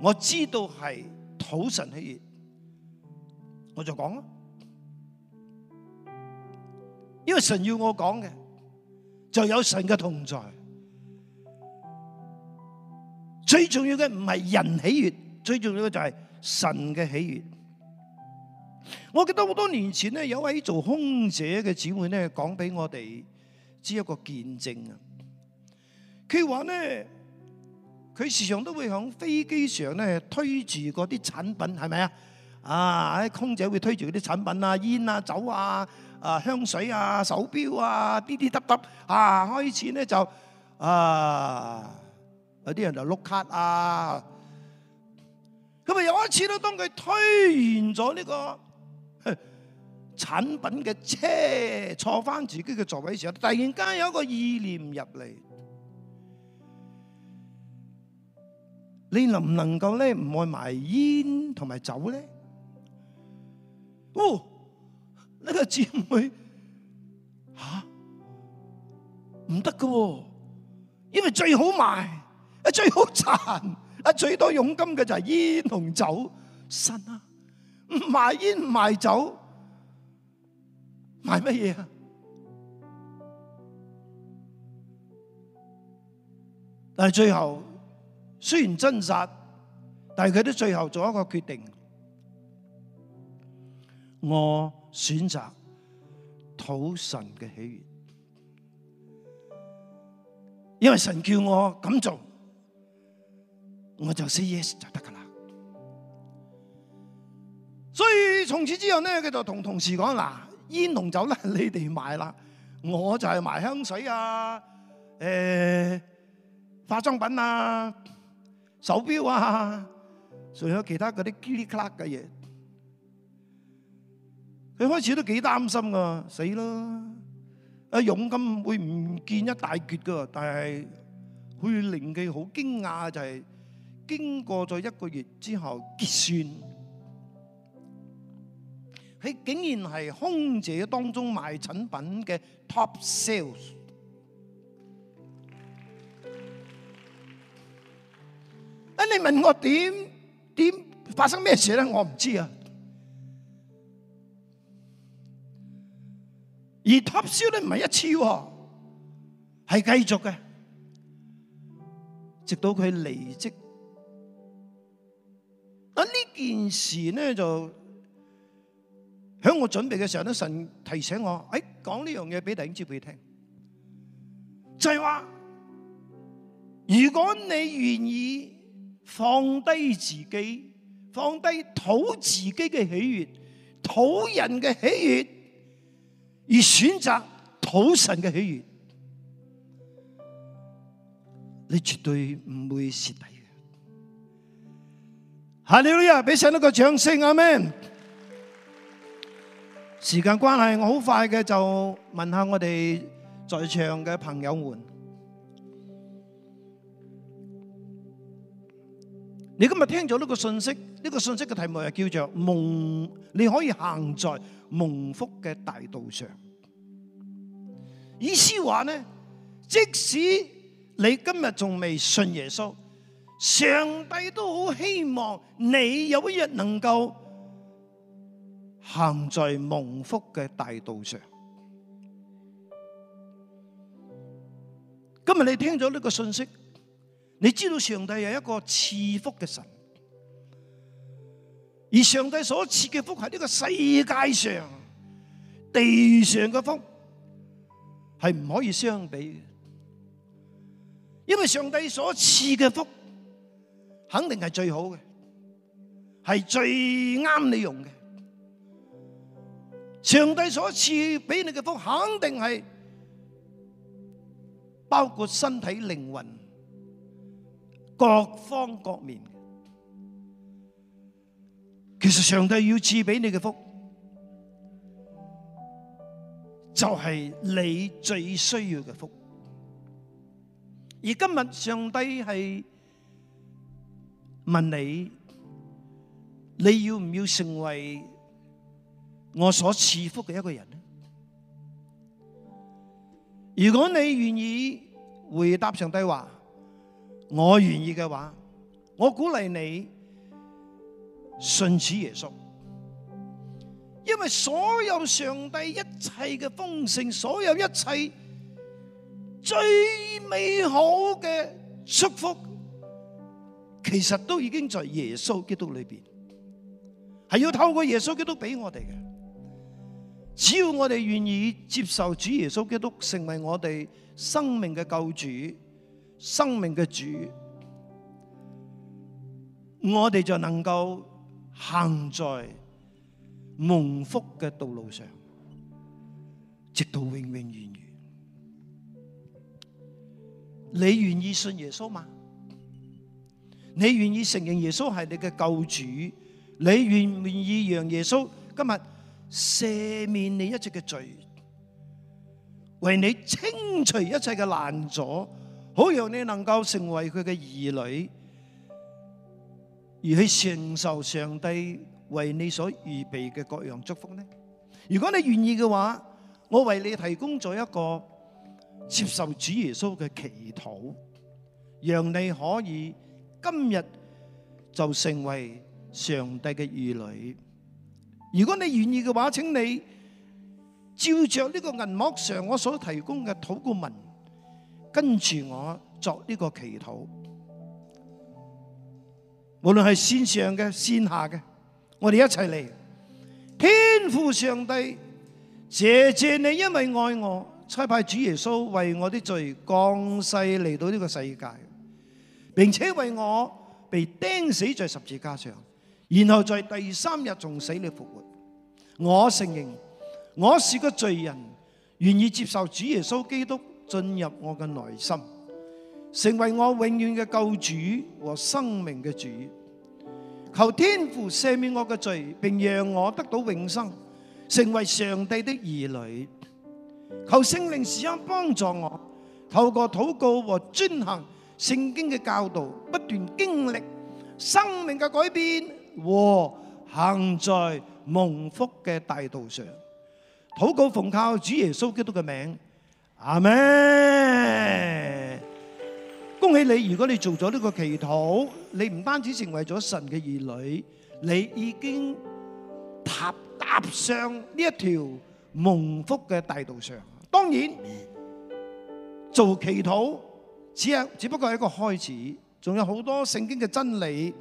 我知道係討神喜悅，我就講啦，因為神要我講嘅，就有神嘅同在。最重要嘅唔係人喜悅，最重要嘅就係神嘅喜悅。我記得好多年前咧，有位做空姐嘅姊妹咧，講俾我哋知一個見證啊。佢話咧，佢時常都會響飛機上咧推住嗰啲產品，係咪啊？啊，喺空姐會推住嗰啲產品啊，煙啊、酒啊、啊香水啊、手錶啊、滴滴答答。啊，開始咧就啊有啲人就碌卡啊。咁啊，有一次咧，當佢推完咗呢個。產品嘅車坐翻自己嘅座位的時候，突然間有一個意念入嚟，你能唔能夠咧唔賣埋煙同埋酒咧？哦，呢、那個姊妹吓，唔得㗎，因為最好賣，啊最好賺，啊最多佣金嘅就係煙同酒，神啊，唔賣煙唔賣酒。買乜嘢啊？但係最後雖然真實，但係佢都最後做一個決定，我選擇討神嘅喜悅，因為神叫我咁做，我就 say yes 就得噶啦。所以從此之後呢，佢就同同事講嗱。煙濃酒啦，你哋賣啦，我就係賣香水啊、誒化妝品啊、手錶啊，仲有其他嗰啲噼里啪啦嘅嘢。佢開始都幾擔心噶，死咯！啊佣金會唔見一大橛噶，但係會令佢好驚訝就係經過咗一個月之後結算。佢竟然係空姐當中賣產品嘅 top sales，但你問我點點發生咩事咧？我唔知啊。而 top sales 咧唔係一次，係繼續嘅，直到佢離職。啊呢件事咧就。喺我準備嘅時候，呢神提醒我，誒、哎，講呢樣嘢俾弟兄姊妹聽，就係、是、話，如果你願意放低自己，放低討自己嘅喜悦，討人嘅喜悦，而選擇討神嘅喜悦，你絕對唔會蝕底嘅。下邊呢，俾上一個掌聲，阿們。時間關係，我好快嘅就問下我哋在場嘅朋友們，你今日聽咗呢個信息，呢個信息嘅題目係叫做《蒙》，你可以行在蒙福嘅大道上。意思話呢，即使你今日仲未信耶穌，上帝都好希望你有一日能夠，行在蒙福嘅大道上，今日你聽咗呢個信息，你知道上帝係一個賜福嘅神，而上帝所賜嘅福，係呢個世界上地上嘅福，係唔可以相比嘅，因為上帝所賜嘅福肯定係最好嘅，係最啱你用嘅。上帝所賜俾你嘅福，肯定係包括身體、靈魂、各方各面嘅。其實上帝要賜俾你嘅福，就係你最需要嘅福。而今日上帝係問你，你要唔要成為我所賜福嘅一個人呢？如果你願意回答上帝話，我願意嘅話，我鼓勵你信主耶穌，因為所有上帝一切嘅豐盛，所有一切最美好嘅祝福，其實都已經在耶穌基督裏邊，係要透過耶穌基督俾我哋嘅。只要我哋願意接受主耶穌基督成為我哋生命嘅救主、生命嘅主，我哋就能夠行在蒙福嘅道路上，直到永永遠遠。你願意信耶穌嗎？你願意承認耶穌係你嘅救主？你願唔願意讓耶穌今日？赦免你一切嘅罪，為你清除一切嘅攔阻，好讓你能夠成為佢嘅兒女，而去承受上帝為你所預備嘅各樣祝福呢？如果你願意嘅話，我為你提供咗一個接受主耶穌嘅祈禱，讓你可以今日就成為上帝嘅兒女。如果你願意嘅話，請你照着呢個銀幕上我所提供嘅禱告文，跟住我作呢個祈禱。無論係線上嘅、線下嘅，我哋一齊嚟。天父上帝，謝謝你，因為愛我，差派主耶穌為我的罪降世嚟到呢個世界，並且為我被釘死在十字架上。然後在第三日從死裡復活。我承認我是個罪人，願意接受主耶穌基督進入我嘅內心，成為我永遠嘅救主和生命嘅主。求天父赦免我嘅罪，並讓我得到永生，成為上帝的兒女。求聖靈時刻幫助我，透過禱告和遵行聖經嘅教導，不斷經歷生命嘅改變。和行在蒙福嘅大道上，禱告奉靠主耶穌基督嘅名，阿門。恭喜你，如果你做咗呢個祈禱，你唔單止成為咗神嘅兒女，你已經踏踏上呢一條蒙福嘅大道上。當然，做祈禱只係只不過係一個開始，仲有好多聖經嘅真理。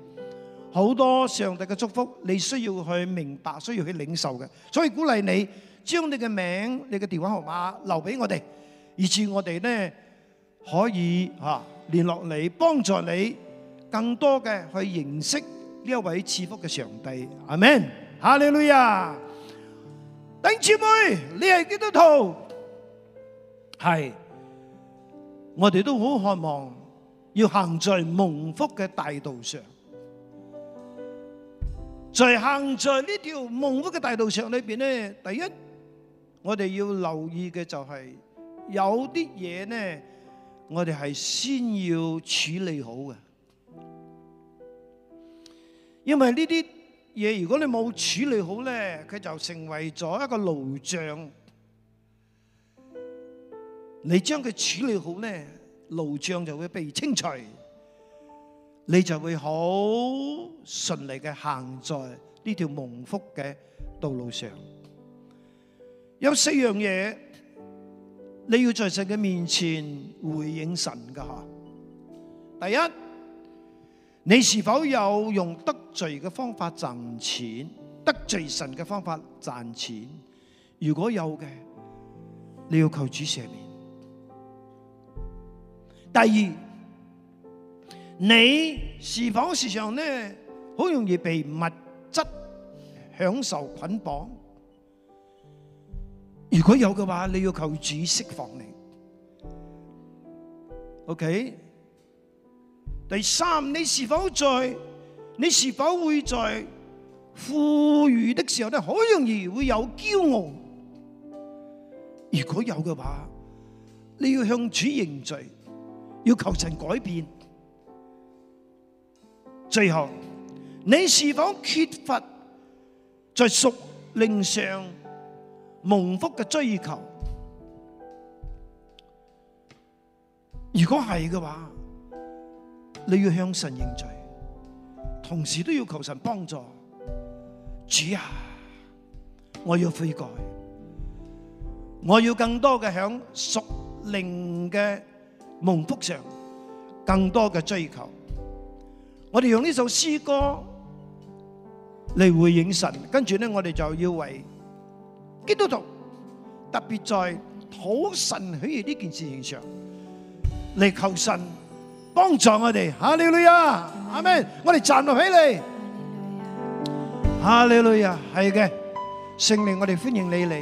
好多上帝嘅祝福，你需要去明白，需要去領受嘅，所以鼓勵你將你嘅名、你嘅電話號碼留俾我哋，以致我哋咧可以吓聯絡你，幫助你更多嘅去認識呢一位賜福嘅上帝。阿門！哈利路亞！弟兄姊妹，你係基督徒，係我哋都好渴望要行在蒙福嘅大道上。在行在呢條模糊嘅大道上裏邊，第一，我哋要留意嘅就係有啲嘢呢，我哋係先要處理好嘅。因為呢啲嘢如果你冇處理好呢，佢就成為咗一個路障。你將佢處理好呢，路障就會被清除。你就會好順利嘅行在呢條蒙福嘅道路上。有四樣嘢你要在神嘅面前回應神噶吓。第一，你是否有用得罪嘅方法賺錢？得罪神嘅方法賺錢？如果有嘅，你要求主赦免。第二。你是否時常呢？好容易被物質享受捆綁？如果有嘅話，你要求主釋放你。OK。第三，你是否在？你是否會在富裕的時候呢？好容易會有驕傲？如果有嘅話，你要向主認罪，要求神改變。最後，你是否缺乏在屬靈上蒙福嘅追求？如果係嘅話，你要向神認罪，同時都要求神幫助。主啊，我要悔改，我要更多嘅喺屬靈嘅蒙福上，更多嘅追求。我哋用呢首詩歌嚟回應神，跟住咧我哋就要為基督徒，特別在討神喜悦呢件事情上嚟求神幫助我哋。哈利路亞，阿門！我哋站落起嚟，哈利路亞，係嘅，聖靈我哋歡迎你嚟。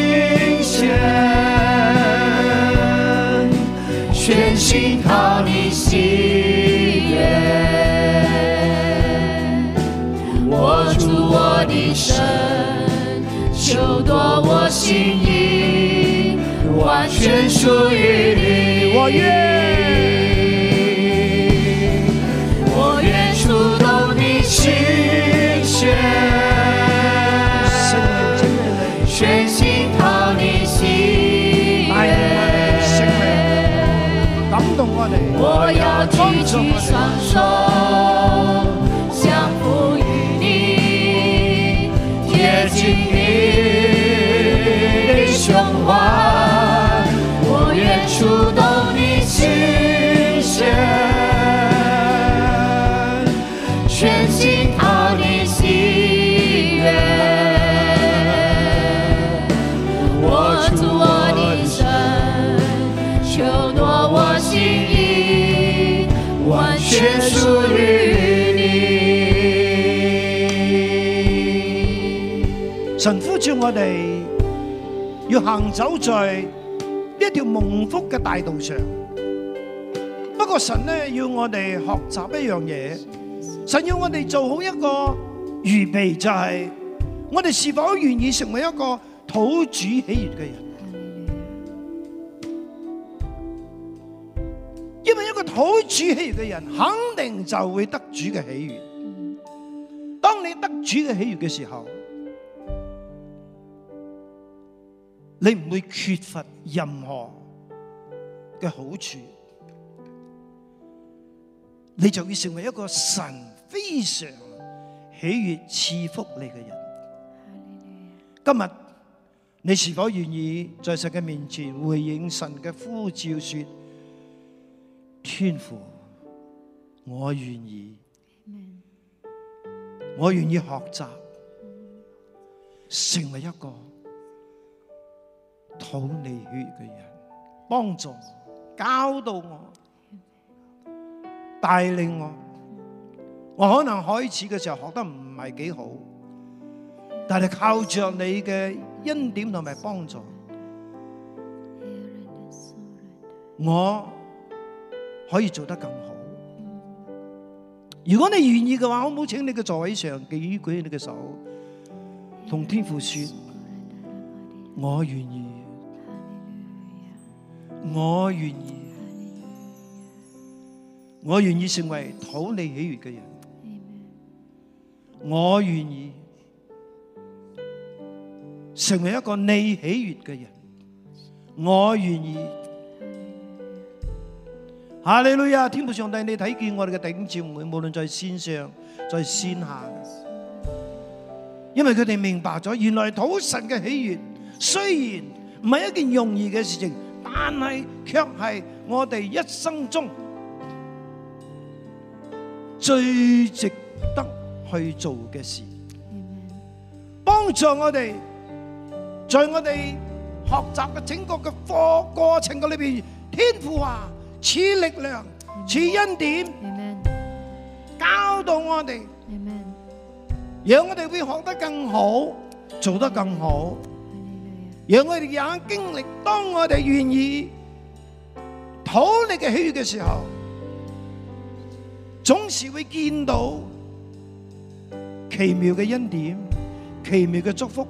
有多我心意完全屬於你，我願，我願觸動你心弦，全心投入你心，感動我哋，感動神呼召我哋要行走在呢條蒙福嘅大道上，不過神呢要我哋學習一樣嘢，神要我哋做好一個預備，就係我哋是否願意成為一個土主喜悅嘅人？因為一個土主喜悅嘅人，肯定就會得主嘅喜悅。當你得主嘅喜悅嘅時候，你唔會缺乏任何嘅好處，你就會成為一個神非常喜悅賜福你嘅人。今日你是否願意在神嘅面前回應神嘅呼召，說：天父，我願意，我願意學習成為一個。吐你血嘅人，幫助、教導我、帶領我，我可能開始嘅時候學得唔係幾好，但係靠着你嘅恩典同埋幫助，我可以做得更好。如果你願意嘅話，好唔好請你嘅座位上舉起你嘅手，同天父說，我願意。我願意，我願意成為討你喜悦嘅人。我願意成為一個你喜悦嘅人。我願意，哈利路亞！天父上帝，你睇見我哋嘅頂住，無論在線上在線下，因為佢哋明白咗，原來討神嘅喜悦，雖然唔係一件容易嘅事情。但係，卻係我哋一生中最值得去做嘅事，幫助我哋，在我哋學習嘅整個嘅課過程嘅裏邊，天賦啊，此力量，此恩典，教導我哋，讓我哋會學得更好，做得更好。讓我哋也經歷，當我哋願意討你嘅虛嘅時候，總是會見到奇妙嘅恩典、奇妙嘅祝福，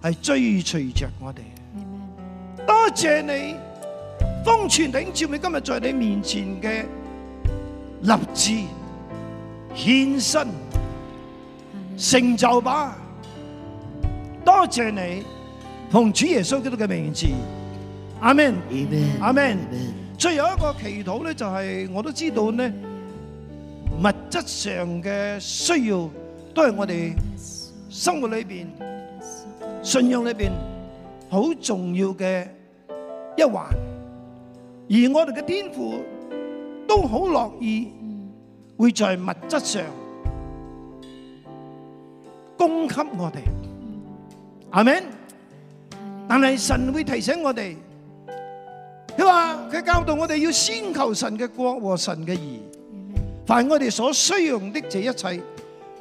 係追隨着我哋。多謝你，風泉頂照，你今日在你面前嘅立志、獻身、成就吧。多謝你。同主耶穌基督嘅名字，阿門，阿門。所以有一個祈禱咧，就係我都知道咧，物質上嘅需要都係我哋生活裏邊、信仰裏邊好重要嘅一環。而我哋嘅天父都好樂意會在物質上供給我哋，阿門。但係神會提醒我哋，佢話佢教導我哋要先求神嘅國和神嘅義，凡我哋所需用的這一切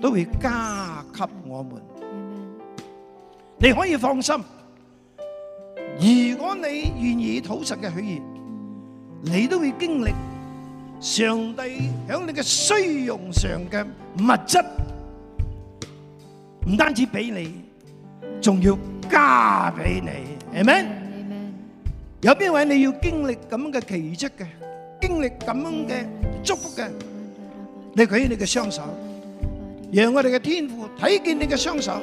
都會加給我們。你可以放心，如果你願意討神嘅喜悅，你都會經歷上帝響你嘅需用上嘅物質，唔單止俾你，仲要。加俾你係咪？有邊位你要經歷咁嘅奇蹟嘅，經歷咁樣嘅祝福嘅？你舉起你嘅雙手，讓我哋嘅天父睇見你嘅雙手，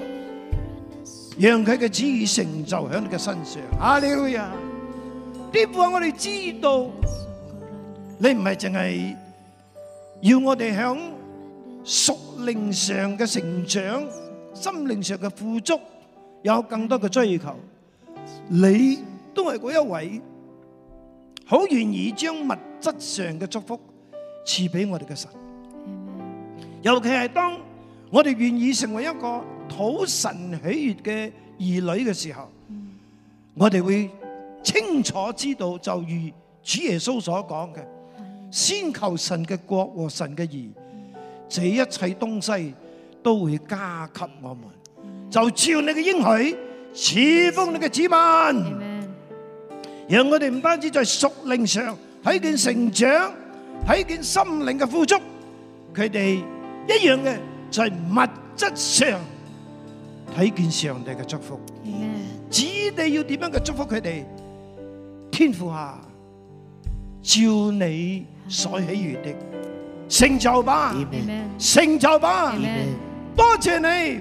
讓佢嘅旨意成就喺你嘅身上。哈利路亞！呢步我哋知道，你唔係淨係要我哋響屬靈上嘅成長，心靈上嘅富足。有更多嘅追求，你都係嗰一位，好願意將物質上嘅祝福賜俾我哋嘅神、嗯。尤其係當我哋願意成為一個討神喜悅嘅兒女嘅時候，嗯、我哋會清楚知道，就如主耶穌所講嘅、嗯，先求神嘅國和神嘅義、嗯，這一切東西都會加給我們。就照你嘅應許，賜福你嘅子民，讓我哋唔單止在屬靈上睇見成長，睇見心靈嘅富足，佢哋一樣嘅就係在物質上睇見上帝嘅祝福。主你要點樣嘅祝福佢哋？天父啊，照你所喜悅的成就吧，成就吧，多謝你。